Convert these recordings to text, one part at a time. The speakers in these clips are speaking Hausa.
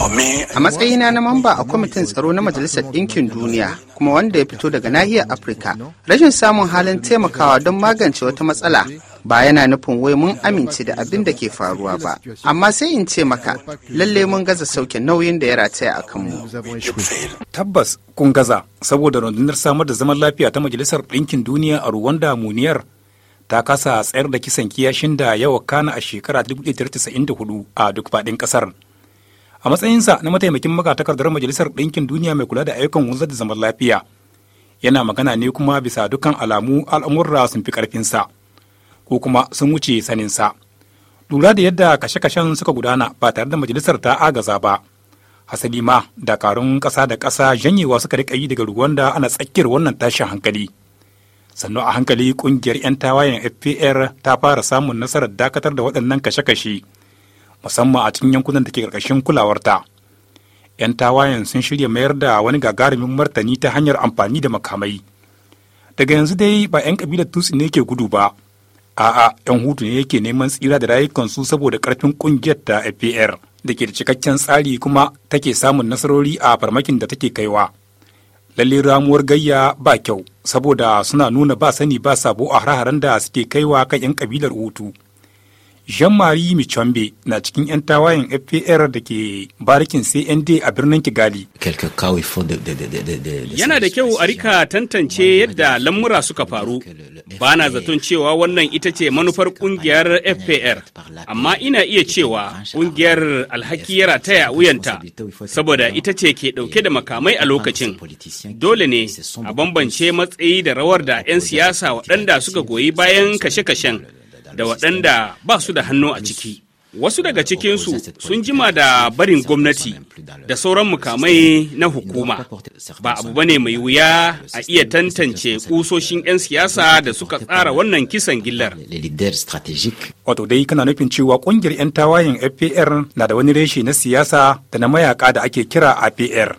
A matsayina na mamba a kwamitin tsaro na Majalisar Ɗinkin Duniya kuma wanda ya fito daga nahiyar Afirka, rashin samun halin taimakawa don magance wata matsala ba yana nufin wai mun amince da abin da ke faruwa ba. Amma sai in ce maka lalle mun gaza sauke nauyin da ya rataya a kanmu. Tabbas kun gaza saboda rundunar samar da zaman lafiya ta Majalisar Ɗinkin Duniya a Ruwanda Muniyar ta kasa tsayar da kisan kiyashin da yawa kana a shekara 1994 a duk faɗin ƙasar. a matsayinsa na mataimakin magatakardar majalisar ɗinkin duniya mai kula da ayyukan wanzar da zaman lafiya yana magana ne kuma bisa dukkan alamu al'amurra sun fi ƙarfinsa ko kuma sun wuce saninsa lura da yadda kashe-kashen suka gudana ba tare da majalisar ta agaza ba hasali ma dakarun ƙasa da ƙasa janyewa suka riƙa yi daga ruwan da ana tsakiyar wannan tashin hankali sannu a hankali ƙungiyar 'yan tawayen fpr ta fara samun nasarar dakatar da waɗannan kashe-kashe musamman a cikin yankunan da ke ƙarƙashin kulawarta. 'Yan tawayen sun shirya mayar da wani gagarumin martani ta hanyar amfani da makamai. Daga yanzu dai ba 'yan kabilar Tutsi ne ke gudu ba, a'a 'yan hutu ne yake neman tsira da rayukansu saboda ƙarfin ƙungiyar ta FPR da ke da cikakken tsari kuma take samun nasarori a farmakin da take kaiwa. lalle ramuwar gayya ba kyau saboda suna nuna ba sani ba sabo a hare-haren da suke kaiwa kan 'yan kabilar hutu. Jean-Marie Michombe na cikin 'yan tawayen FPR da ke barikin CND a birnin Kigali. Yana da kyau a rika tantance yadda lamura suka faru. Ba na zaton cewa wannan ita ce manufar kungiyar FPR, amma ina iya cewa kungiyar alhaki ya wuyanta, saboda ita ce ke ɗauke da makamai a lokacin. Dole ne a bambance matsayi da rawar da 'yan siyasa waɗanda suka goyi bayan kashe-kashen. da waɗanda ba su da hannu a ciki. Wasu daga cikinsu sun jima da barin gwamnati da sauran mukamai na hukuma. Ba abu bane mai wuya a iya tantance kusoshin 'yan siyasa da suka tsara wannan kisan gillar. Wato dai kana nufin cewa kungiyar 'yan tawayen FPR na da wani reshe na siyasa da na mayaka da ake kira APR.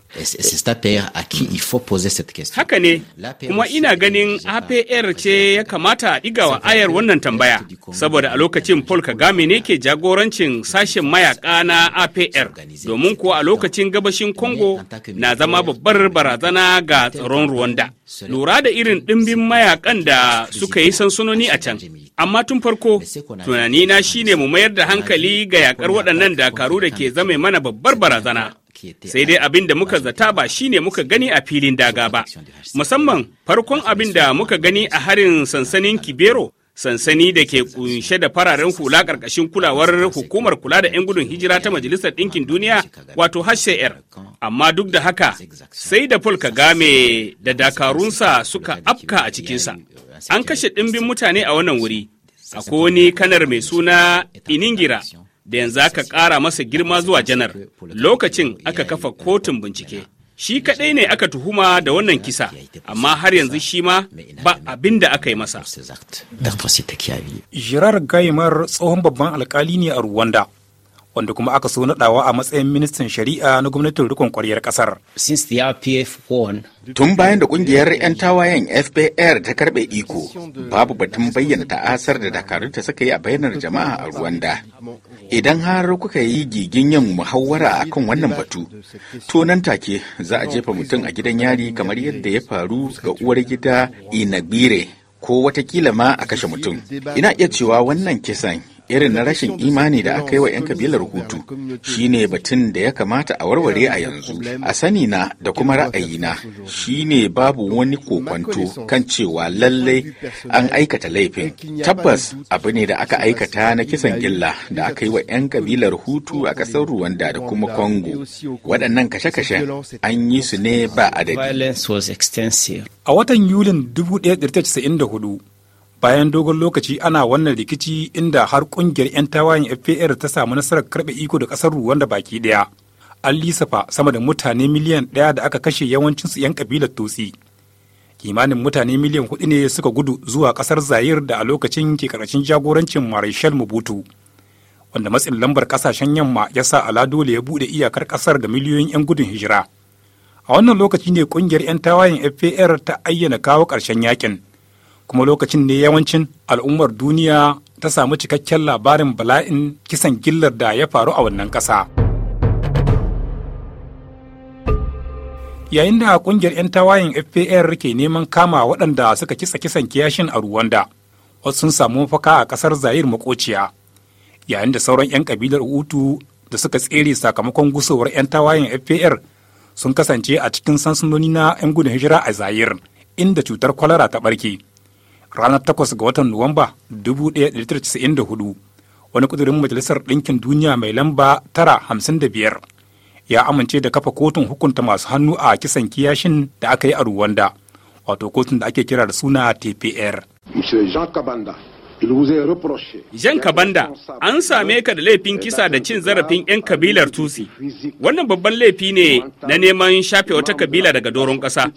Haka ne, kuma ina ganin APR ce ya kamata a wa ayar wannan tambaya, saboda a lokacin Paul Kagame ne ke jagorancin sashen mayaka na APR, domin kuwa a lokacin gabashin Congo na zama babbar barazana ga tsaron Rwanda. Lura da irin ɗimbin mayakan da suka yi sansunoni a can. Amma tun farko, tunanina shine mu mayar da hankali ga yakar waɗannan dakaru da ke zame mana babbar barazana. sai dai abin da muka zata ba shine muka gani a filin daga ba musamman farkon abin da muka gani a harin sansanin kibero sansani da ke kunshe da fararen hula karkashin kulawar hukumar kula da 'yan gudun hijira ta majalisar ɗinkin duniya wato hcr amma duk da haka sai da paul game da dakarunsa suka afka a cikinsa an kashe ɗimbin mutane a wannan wuri akwai wani kanar mai suna iningira da yanzu aka ƙara masa girma zuwa janar lokacin aka kafa kotun bincike shi kaɗai ne aka tuhuma da wannan kisa amma har yanzu shi ma ba abin da aka yi masa. Jirar Gaimar tsohon babban alkali ne a Ruwanda wanda kuma aka so nadawa a matsayin ministan shari'a na gwamnatin rikon kwaryar kasar. Tun bayan da kungiyar 'yan tawayen FBR ta karbe iko, babu batun bayyana ta'asar da dakarun ta suka yi a bayanar jama'a a Rwanda. Idan har kuka yi gigin yin muhawara a kan wannan batu, to nan take za a jefa mutum a gidan yari kamar yadda ya faru ga uwar gida Inabire ko watakila ma a kashe mutum. Ina iya cewa wannan kisan irin na rashin imani da aka yi wa 'yan kabilar hutu shine batun da ya kamata a warware a yanzu a sani na da kuma ra'ayi ra'ayina shine babu wani kokwanto kan cewa lallai an aikata laifin tabbas abu ne da aka aikata na kisan gilla da aka yi wa 'yan kabilar hutu a ƙasar ruwanda da kuma congo waɗannan kashe-kashe an yi su ne ba adadi a watan yulin 1994 bayan dogon lokaci ana wannan rikici inda har kungiyar 'yan tawayen fpr ta samu nasarar karbe iko da ƙasar ruwan da baki ɗaya an lissafa sama da mutane miliyan ɗaya da aka kashe yawancinsu 'yan kabilar tosi kimanin mutane miliyan hudu ne suka gudu zuwa ƙasar zayir da a lokacin ke ƙarƙashin jagorancin marishal mubutu wanda matsin lambar ƙasashen yamma ya sa ala dole ya bude iyakar ƙasar da miliyoyin 'yan gudun hijira a wannan lokaci ne kungiyar 'yan tawayen fpr ta ayyana kawo ƙarshen yakin kuma lokacin ne yawancin al'ummar duniya ta samu cikakken labarin bala'in kisan gillar da ya faru a wannan ƙasa. Yayin da ƙungiyar 'yan tawayen FPR ke neman kama waɗanda suka kisa kisan kiyashin a Ruwanda, wasu sun samu mafaka a ƙasar Zayir makociya, yayin da sauran 'yan ƙabilar Hutu da suka tsere sakamakon gusowar 'yan tawayen FPR sun kasance a cikin sansanoni na 'yan gudun hijira a Zayir, inda cutar kwalara ta ɓarke. ranar 8 ga watan Nuwamba 1994 wani kudurin Majalisar Ɗinkin Duniya mai lamba 955 ya amince da kafa kotun hukunta masu hannu a kisan kiyashin da aka yi a Ruwanda, wato kotun da ake kira da suna TPR. Monsieur Jean Kabanda Jan Kabanda, an same ka da laifin kisa da cin zarafin 'yan kabilar tusi Wannan babban laifi ne na neman shafe wata kabila daga doron ƙasa.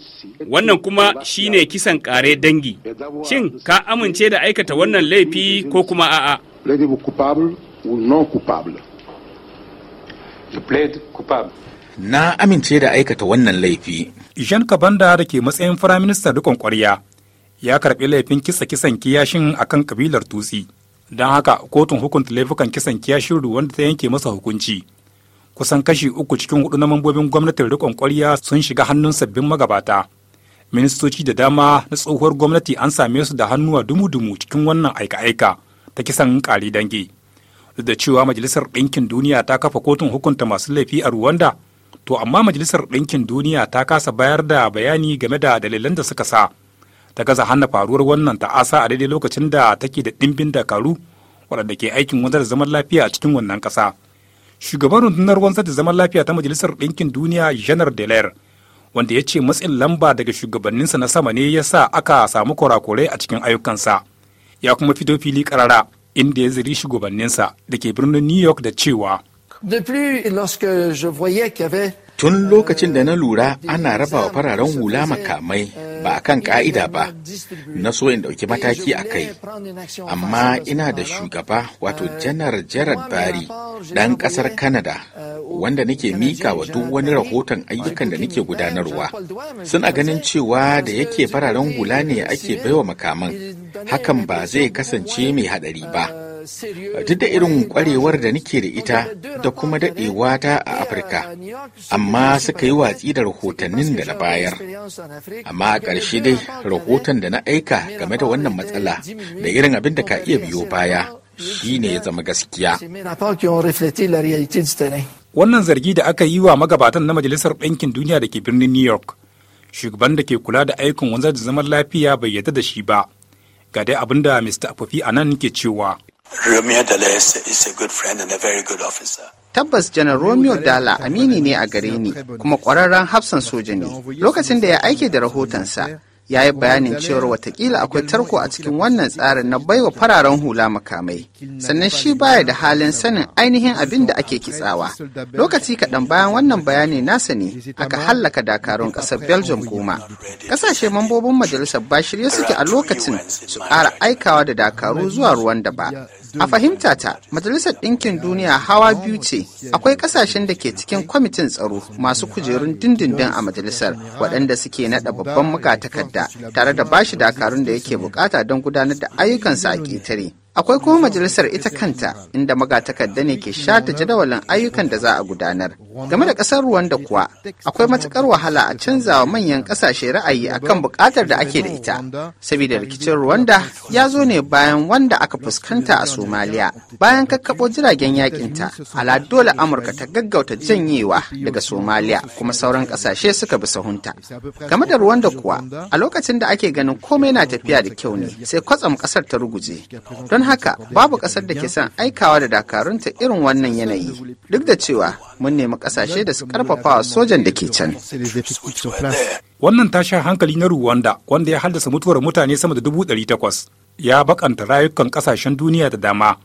Wannan kuma shi ne kisan ƙare dangi. Shin ka amince da aikata wannan laifi ko kuma a'a? Na amince da aikata wannan laifi. Jean Kabanda da ke matsayin Firaminista rikon ƙwarya ya karɓi laifin kisa kisan kiyashin a kan kabilar tutsi don haka kotun hukunta laifukan kisan kiyashin ruwan da ta yanke masa hukunci kusan kashi uku cikin hudu na mambobin gwamnatin riƙon ƙwarya sun shiga hannun sabbin magabata ministoci da dama na tsohuwar gwamnati an same su da hannuwa dumu-dumu cikin wannan aika-aika ta kisan kari dange duk da cewa majalisar ɗinkin duniya ta kafa kotun hukunta masu laifi a ruwanda to amma majalisar ɗinkin duniya ta kasa bayar da bayani game da dalilan da suka sa ta gaza hana faruwar wannan ta'asa a daidai lokacin da take da dimbin dakaru waɗanda ke aikin wanzar da zaman lafiya a cikin wannan ƙasa. Shugaban rundunar wanzar da zaman lafiya ta Majalisar Ɗinkin Duniya Janar delair wanda ya ce matsin lamba daga shugabanninsa na sama ne ya sa aka samu kurakurai a cikin ayyukansa. Ya kuma fito fili karara inda ya ziri shugabanninsa da ke birnin New York da cewa. Tun lokacin da na lura ana raba wa fararen hula euh, makamai euh, ba a kan ka'ida ba na so in ɗauki mataki a kai amma ina da shugaba wato janar jared bari dan ƙasar Kanada, wanda nake mika wa duk wani rahoton ayyukan da nake gudanarwa suna ganin cewa da yake fararen hula ne ake baiwa makaman hakan ba zai kasance mai haɗari ba duk da irin kwarewar da nike da ita da kuma daɗewa ta a afirka amma suka yi watsi da rahotannin da na bayar amma a ƙarshe dai rahoton da na aika game da wannan matsala da irin abin da ka iya biyo baya shi ne ya zama gaskiya wannan zargi da aka yi wa magabatan na majalisar ɗinkin duniya da ke birnin new york shugaban da ke kula da aikin wanzar da zaman lafiya bai yarda da shi ba ga dai abin da mista afofi nan ke cewa Romeo dala is a good friend and a very good officer. Tabbas Janar Romeo Dala amini ne a gare ni kuma ƙwararren hafsan soja ne. Lokacin da ya aike da rahotonsa, ya yi bayanin cewar watakila akwai tarko a cikin wannan tsarin na baiwa fararen hula makamai sannan shi baya da halin sanin ainihin abin da ake kitsawa lokaci kaɗan bayan wannan bayani nasa ne aka hallaka dakarun ƙasar belgium goma ƙasashe mambobin majalisar ba shirye suke a lokacin su ƙara aikawa da dakaru zuwa ruwan da ba A fahimta ta, Majalisar Ɗinkin Duniya hawa biyu ce, akwai ƙasashen da ke cikin kwamitin tsaro masu kujerun dindindin a majalisar waɗanda suke naɗa babban muka takarda, tare da bashi dakarun da yake bukata don gudanar da ayyukansa a ƙetare. Akwai kuma majalisar ita kanta inda magatakarda ne ke shata jadawalin ayyukan da za a gudanar. Game da ƙasar da kuwa, akwai matuƙar wahala a canza wa manyan ƙasashe ra'ayi a kan buƙatar da ake da ita. Saboda rikicin ruwan da ya zo ne bayan wanda aka fuskanta a Somalia. bayan kakkaɓo jiragen yakinta, ala dole Amurka ta gaggauta janyewa daga Somaliya kuma sauran ƙasashe suka bi sahunta. Game da ruwan da kuwa, a lokacin da ake ganin komai na tafiya da kyau ne, sai kwatsam ƙasar ta ruguje. Don dan haka babu kasar da ke son aikawa da dakarunta irin wannan yanayi duk da cewa mun nemi kasashe da su wa sojan da ke can. Wannan tashin hankali na Ruwanda wanda ya haddasa mutuwar mutane sama da dubu ɗari takwas ya bakanta rayukan kasashen duniya da dama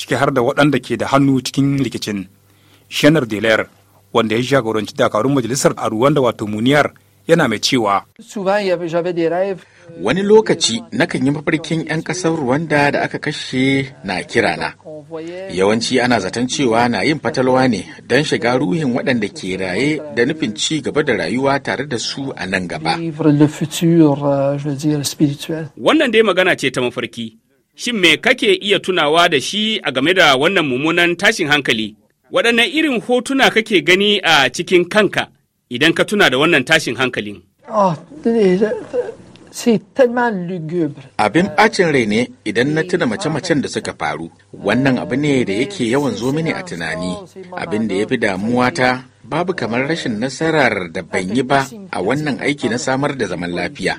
ciki har da waɗanda ke da hannu cikin rikicin. Shanar Delaire wanda ya jagoranci dakarun majalisar a Ruwanda wato muniyar yana mai cewa wani lokaci nakan yi mafarkin 'yan ƙasar Rwanda da aka kashe na kirana yawanci ana zaton cewa na yin fatalwa ne don shiga ruhin waɗanda ke raye da nufin ci gaba da rayuwa tare da su a nan gaba euh, wannan dai magana ce ta mafarki shin me kake iya tunawa da shi a game da wannan mummunan tashin hankali waɗannan irin hotuna kake gani a cikin kanka idan ka tuna da wannan tashin hankalin. Ah, Abin ɓacin ah. rai ne idan na tuna eh, mace-macen da suka faru. Wannan abu ne da yake yawan zo mini a tunani. Abin da ya fi damuwa babu kamar rashin nasarar da ban yi ba a wannan aiki na samar da zaman lafiya.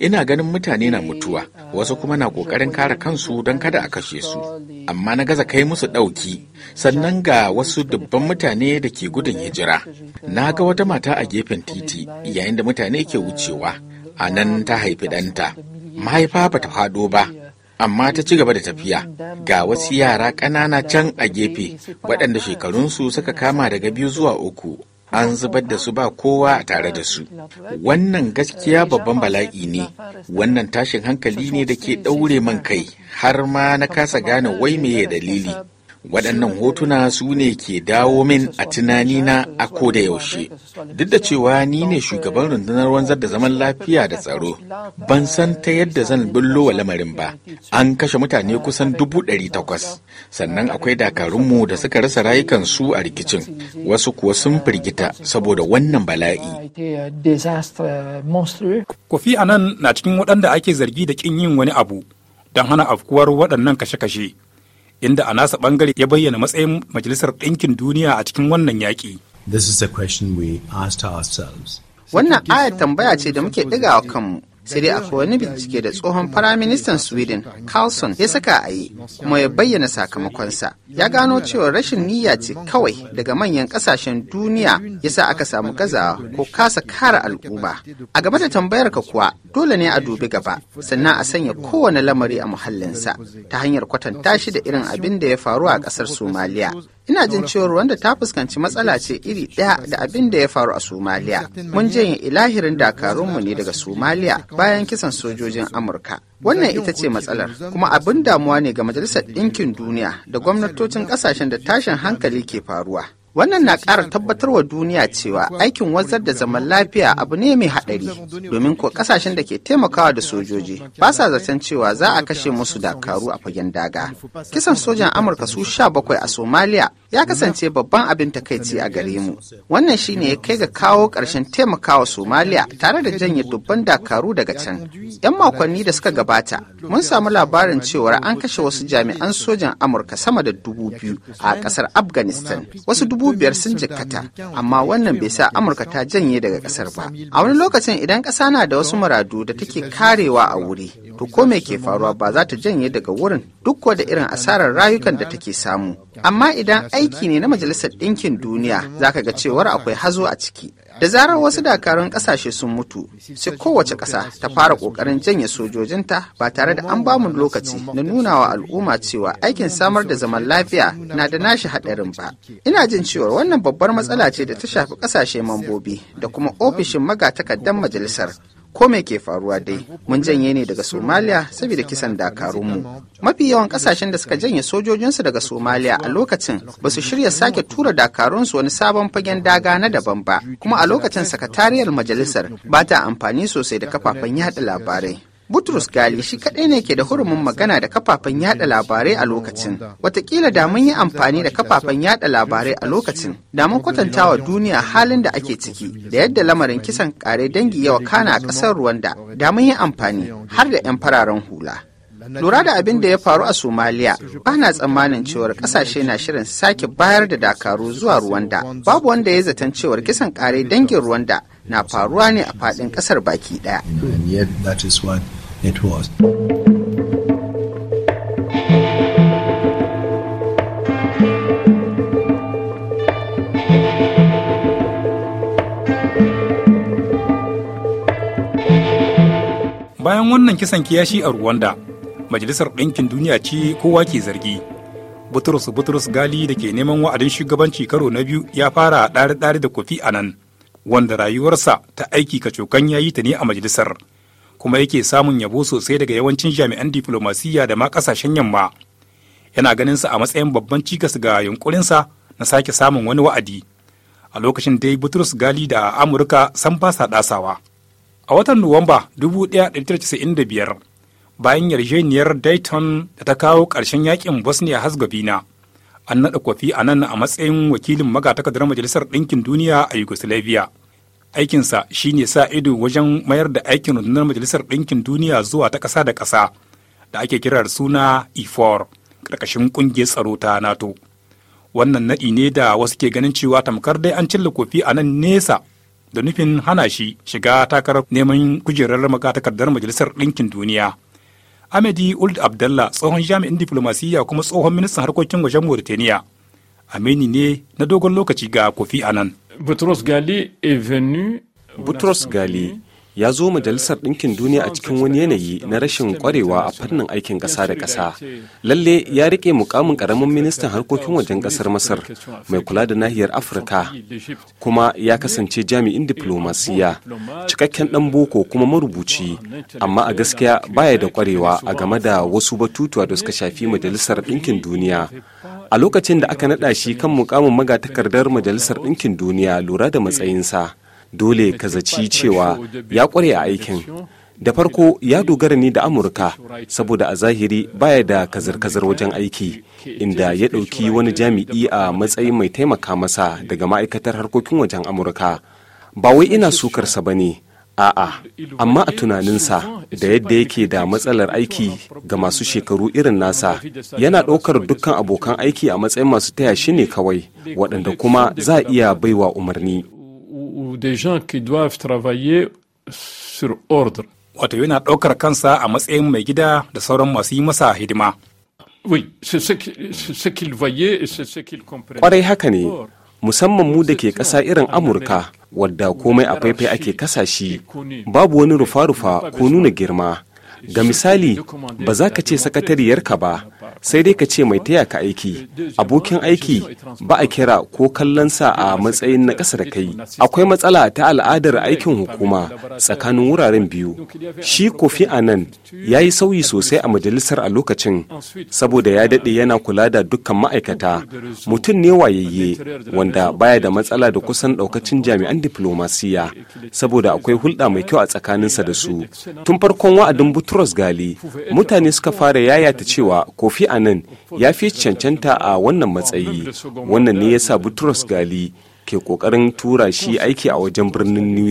Ina ganin mutane na mutuwa, wasu kuma na ƙoƙarin kare kansu don kada a kashe su. Amma na gaza kai musu ɗauki, sannan ga wasu dubban mutane da ke gudun hijira. Na ga wata mata a gefen titi yayin da mutane ke wucewa. a nan ta haifi ɗanta mahaifa ba ta faɗo ba amma ta ci gaba da tafiya ga wasu yara ƙanana can a gefe waɗanda shekarunsu suka kama daga biyu zuwa uku an zubar da su ba kowa a tare da su wannan gaskiya babban bala'i ne wannan tashin hankali ne da ke ɗaure man kai har ma na kasa gane wai meye dalili waɗannan hotuna su ne ke dawo min a tunanina a ko da yaushe duk da cewa ni ne shugaban rundunar wanzar da zaman lafiya da tsaro ban san ta yadda zan bullo wa lamarin ba an kashe mutane kusan dubu ɗari takwas sannan akwai dakarunmu da suka rasa rayukansu a rikicin wasu kuwa sun firgita saboda wannan bala'i kofi anan na cikin waɗanda ake zargi da ƙin yin wani abu don hana afkuwar waɗannan kashe-kashe inda a nasa bangare ya bayyana matsayin majalisar ɗinkin duniya a cikin wannan yaƙi. This is a question we asked ourselves. Wannan ayar tambaya ce da muke ɗiga wa kanmu. sai dai akwai wani bincike da tsohon firaministan sweden carlson ya saka a yi kuma ya bayyana sakamakonsa ya gano cewa rashin niyya ce kawai daga manyan kasashen duniya ya sa aka samu gazawa ko kasa kara al'umma a game da tambayar ka kuwa dole ne a dubi gaba sannan a sanya kowane lamari a muhallinsa ta hanyar kwatanta shi da irin abin da ya faru a ƙasar somaliya ina jin cewa wanda ta fuskanci matsala ce iri ɗaya da abin da ya faru a Somaliya. Mun janye ilahirin dakarunmu ne daga Somaliya bayan kisan sojojin Amurka. Wannan ita ce matsalar, kuma abin damuwa ne ga Majalisar Ɗinkin Duniya da gwamnatocin ƙasashen da tashin hankali ke faruwa. Wannan na ƙara tabbatar wa duniya cewa aikin wazar da zaman lafiya abu ne mai haɗari domin ko ƙasashen da ke taimakawa da sojoji ba sa zaton cewa za a kashe musu dakaru a fagen daga. Kisan sojan Amurka su sha bakwai a Somalia ya kasance babban abin takaici a gare mu. Wannan shi ne ya kai ga kawo ƙarshen taimakawa Somalia tare da janye dubban dakaru daga can. 'Yan makonni da suka gabata mun samu labarin cewa an kashe wasu jami'an sojan Amurka sama da dubu biyu a ƙasar Afghanistan. Wasu dubu dubu biyar sun jikkata amma wannan bai sa amurka ta janye daga kasar ba a wani lokacin idan ƙasa na da wasu maradu da take karewa a wuri to ko me ke faruwa ba za ta janye daga wurin duk da irin asarar rayukan da take samu amma idan aiki ne na majalisar ɗinkin duniya za ka ga cewar akwai hazo a ciki Da zarar wasu dakarun ƙasashe sun mutu, sai kowace ƙasa ta fara ƙoƙarin janye sojojinta ba tare da an bamu lokaci na nuna wa al'umma cewa aikin samar da zaman lafiya na da nashi haɗarin ba. Ina jin cewa wannan babbar matsala ce da ta shafi ƙasashe mambobi da kuma ofishin magatakardan majalisar ko me ke faruwa dai mun janye ne daga somaliya saboda kisan dakarunmu mafi yawan kasashen da suka janye sojojinsu daga somaliya a lokacin ba su shirya sake tura dakarunsu wani sabon fagen daga na daban ba kuma a lokacin sakatariyar majalisar ba ta amfani sosai da kafafen yada labarai Butrus Gali shi kaɗai ne ke da hurumin magana da kafafen yada labarai a lokacin. wataƙila da mun yi amfani da kafafen yada labarai a lokacin, da mun kwatantawa duniya halin da ake ciki, da yadda lamarin kisan ƙare dangi yawa kana a ƙasar Rwanda, da mun yi amfani har da 'yan fararen hula. Lura da abin da ya faru a Somaliya, ba na tsammanin cewar kasashe na shirin sake bayar da dakaru zuwa Ruwanda. Babu wanda ya zaton cewar kisan ƙare dangin Ruwanda na faruwa ne a faɗin ƙasar baki ɗaya. Bayan wannan kisan kiyashi a ruwanda Majalisar Ɗinkin Duniya ce kowa ke zargi. Butrus Butrus Gali da ke neman wa'adin shugabanci karo na biyu ya fara ɗari-ɗari da kofi a nan. wanda rayuwarsa ta aiki kacokan ya yi ta ne a majalisar kuma yake samun yabo sosai daga yawancin jami'an diflomasiyya da ma kasashen yamma yana ganin sa a matsayin babban cikas ga yunkurinsa na sake samun wani wa'adi a lokacin dai butrus gali da amurka san basa sa dasawa a watan nuwamba 1995 bayan yarjejeniyar dayton da ta kawo ƙarshen yakin bosnia herzegovina an naɗa kofi a nan a matsayin wakilin magatakardar majalisar ɗinkin duniya a yugoslavia aikinsa shine sa ido wajen mayar da aikin rundunar majalisar ɗinkin duniya zuwa ta ƙasa da ƙasa da ake da suna ifor e ƙarƙashin ƙungiyar tsaro ta nato wannan naɗi ne da wasu ke ganin cewa tamkar dai an cilla kofi a nan nesa da nufin hana shi shiga takarar neman kujerar magatakardar majalisar ɗinkin duniya Amadi Uld Abdallah tsohon jami'in diflomasiyya kuma tsohon ministan harkokin wajen Mauritania. Amini ne na dogon lokaci ga Kofi Annan. Butros Gali est venu Butros Gali ya zo majalisar ɗinkin duniya a cikin wani yanayi na rashin ƙwarewa a fannin aikin ƙasa da ƙasa lalle ya riƙe mukamin ƙaramin ministan harkokin wajen ƙasar masar mai kula da nahiyar afirka kuma ya kasance jami'in diplomasiya cikakken ɗan boko kuma marubuci amma a gaskiya baya da kwarewa a game da wasu batutuwa da suka shafi majalisar ɗinkin duniya a lokacin da aka naɗa shi kan mukamin magatakardar majalisar ɗinkin duniya lura da matsayinsa dole ka zaci cewa ya kware a aikin da farko ya dogara ne da amurka saboda a zahiri baya da kazar-kazar wajen aiki inda ya ɗauki wani jami'i a matsayin mai taimaka masa daga ma'aikatar harkokin wajen amurka ba wai ina sukarsa ba ne a'a amma a tunaninsa da yadda yake da matsalar aiki ga masu shekaru irin nasa yana ɗaukar dukkan abokan aiki a matsayin masu taya shi ne kawai waɗanda kuma za a iya baiwa umarni des gens qui doivent travailler sur ordre. Wato yana ɗaukar kansa a matsayin mai gida da sauran masu yi masa hidima. Oui, c'est ce qu'il voyait et c'est ce qu'il comprenait. Kwarai haka ne, musamman mu da ke ƙasa irin Amurka, wadda komai a faifai ake kasa shi, babu wani rufa-rufa ko nuna girma. Ga misali, ba za ka ce sakatariyarka ba, sai dai ka ce mai taya ka aiki abokin aiki ba a kira ko kallon sa a matsayin na ƙasa da kai akwai matsala ta al'adar aikin hukuma tsakanin wuraren biyu shi kofi anan ya yi sauyi sosai a majalisar a lokacin saboda ya daɗe yana kula da dukkan ma'aikata mutum ne wayayye wanda baya da matsala da kusan ɗaukacin jami'an diplomasiya saboda akwai hulɗa mai kyau a tsakaninsa da su tun farkon wa'adin butros gali mutane suka fara yayata cewa kofi a nan ya fi cancanta a wannan matsayi wannan ne ya sa Butros Gali ke kokarin tura shi aiki a wajen birnin New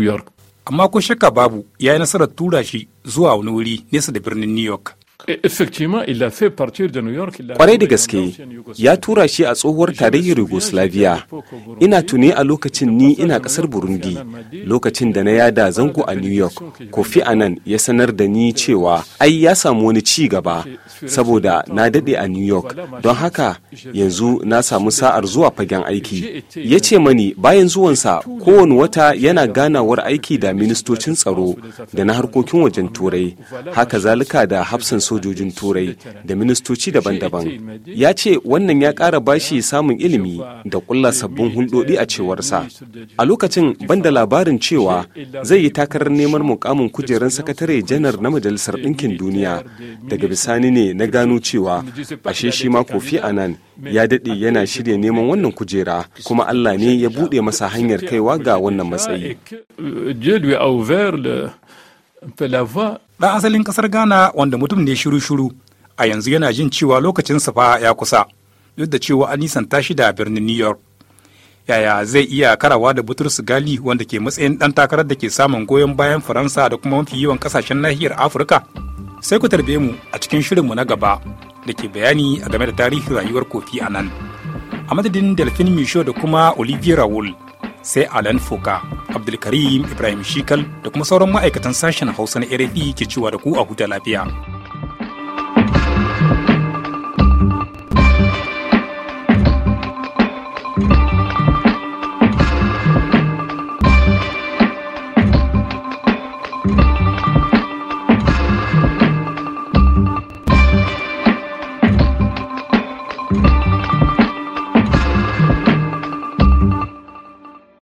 York. Amma ko shakka babu ya yi nasarar tura shi zuwa wani wuri nesa da birnin New York. Kwarai da gaske ya tura shi a tsohuwar tarihin Yugoslavia. Ina tuni a lokacin ni ina kasar Burundi, lokacin da na yada zango a New York, Kofi Annan ya sanar da ni cewa ai ya samu wani ci gaba saboda na dade a New York. Don haka yanzu na samu sa'ar zuwa fagen aiki. Ya ce mani bayan zuwansa kowane wata yana ganawar aiki da ministocin tsaro da na harkokin wajen turai. Haka zalika da hafsan sojojin turai da ministoci daban-daban ya ce wannan ya ƙara bashi samun ilimi da ƙulla sabbin hulɗoɗi a cewarsa a lokacin banda labarin cewa zai yi takarar neman mukamin kujerar sakatare janar na majalisar ɗinkin duniya daga bisani ne na gano cewa ashe shi ma kofi nan ya daɗe yana shirya neman wannan kujera kuma allah ne ya buɗe masa hanyar kaiwa ga wannan matsayi Felava. Ɗan asalin ƙasar Ghana wanda mutum ne shiru-shiru a yanzu yana jin cewa lokacin fa ya kusa duk da cewa an nisanta shi da birnin New York. Yaya zai iya karawa da Butrus Gali wanda ke matsayin ɗan takarar da ke samun goyon bayan Faransa da kuma mafi yawan ƙasashen nahiyar Afirka? Sai ku tarbe mu a cikin shirin mu na gaba da ke bayani a game da tarihin rayuwar Kofi a nan A madadin Delphine Michaud da kuma Olivier Raoul. sai alan foka abdulkarim ibrahim shikal da kuma sauran ma'aikatan sashen hausa na rfi ke cewa da ku a huta lafiya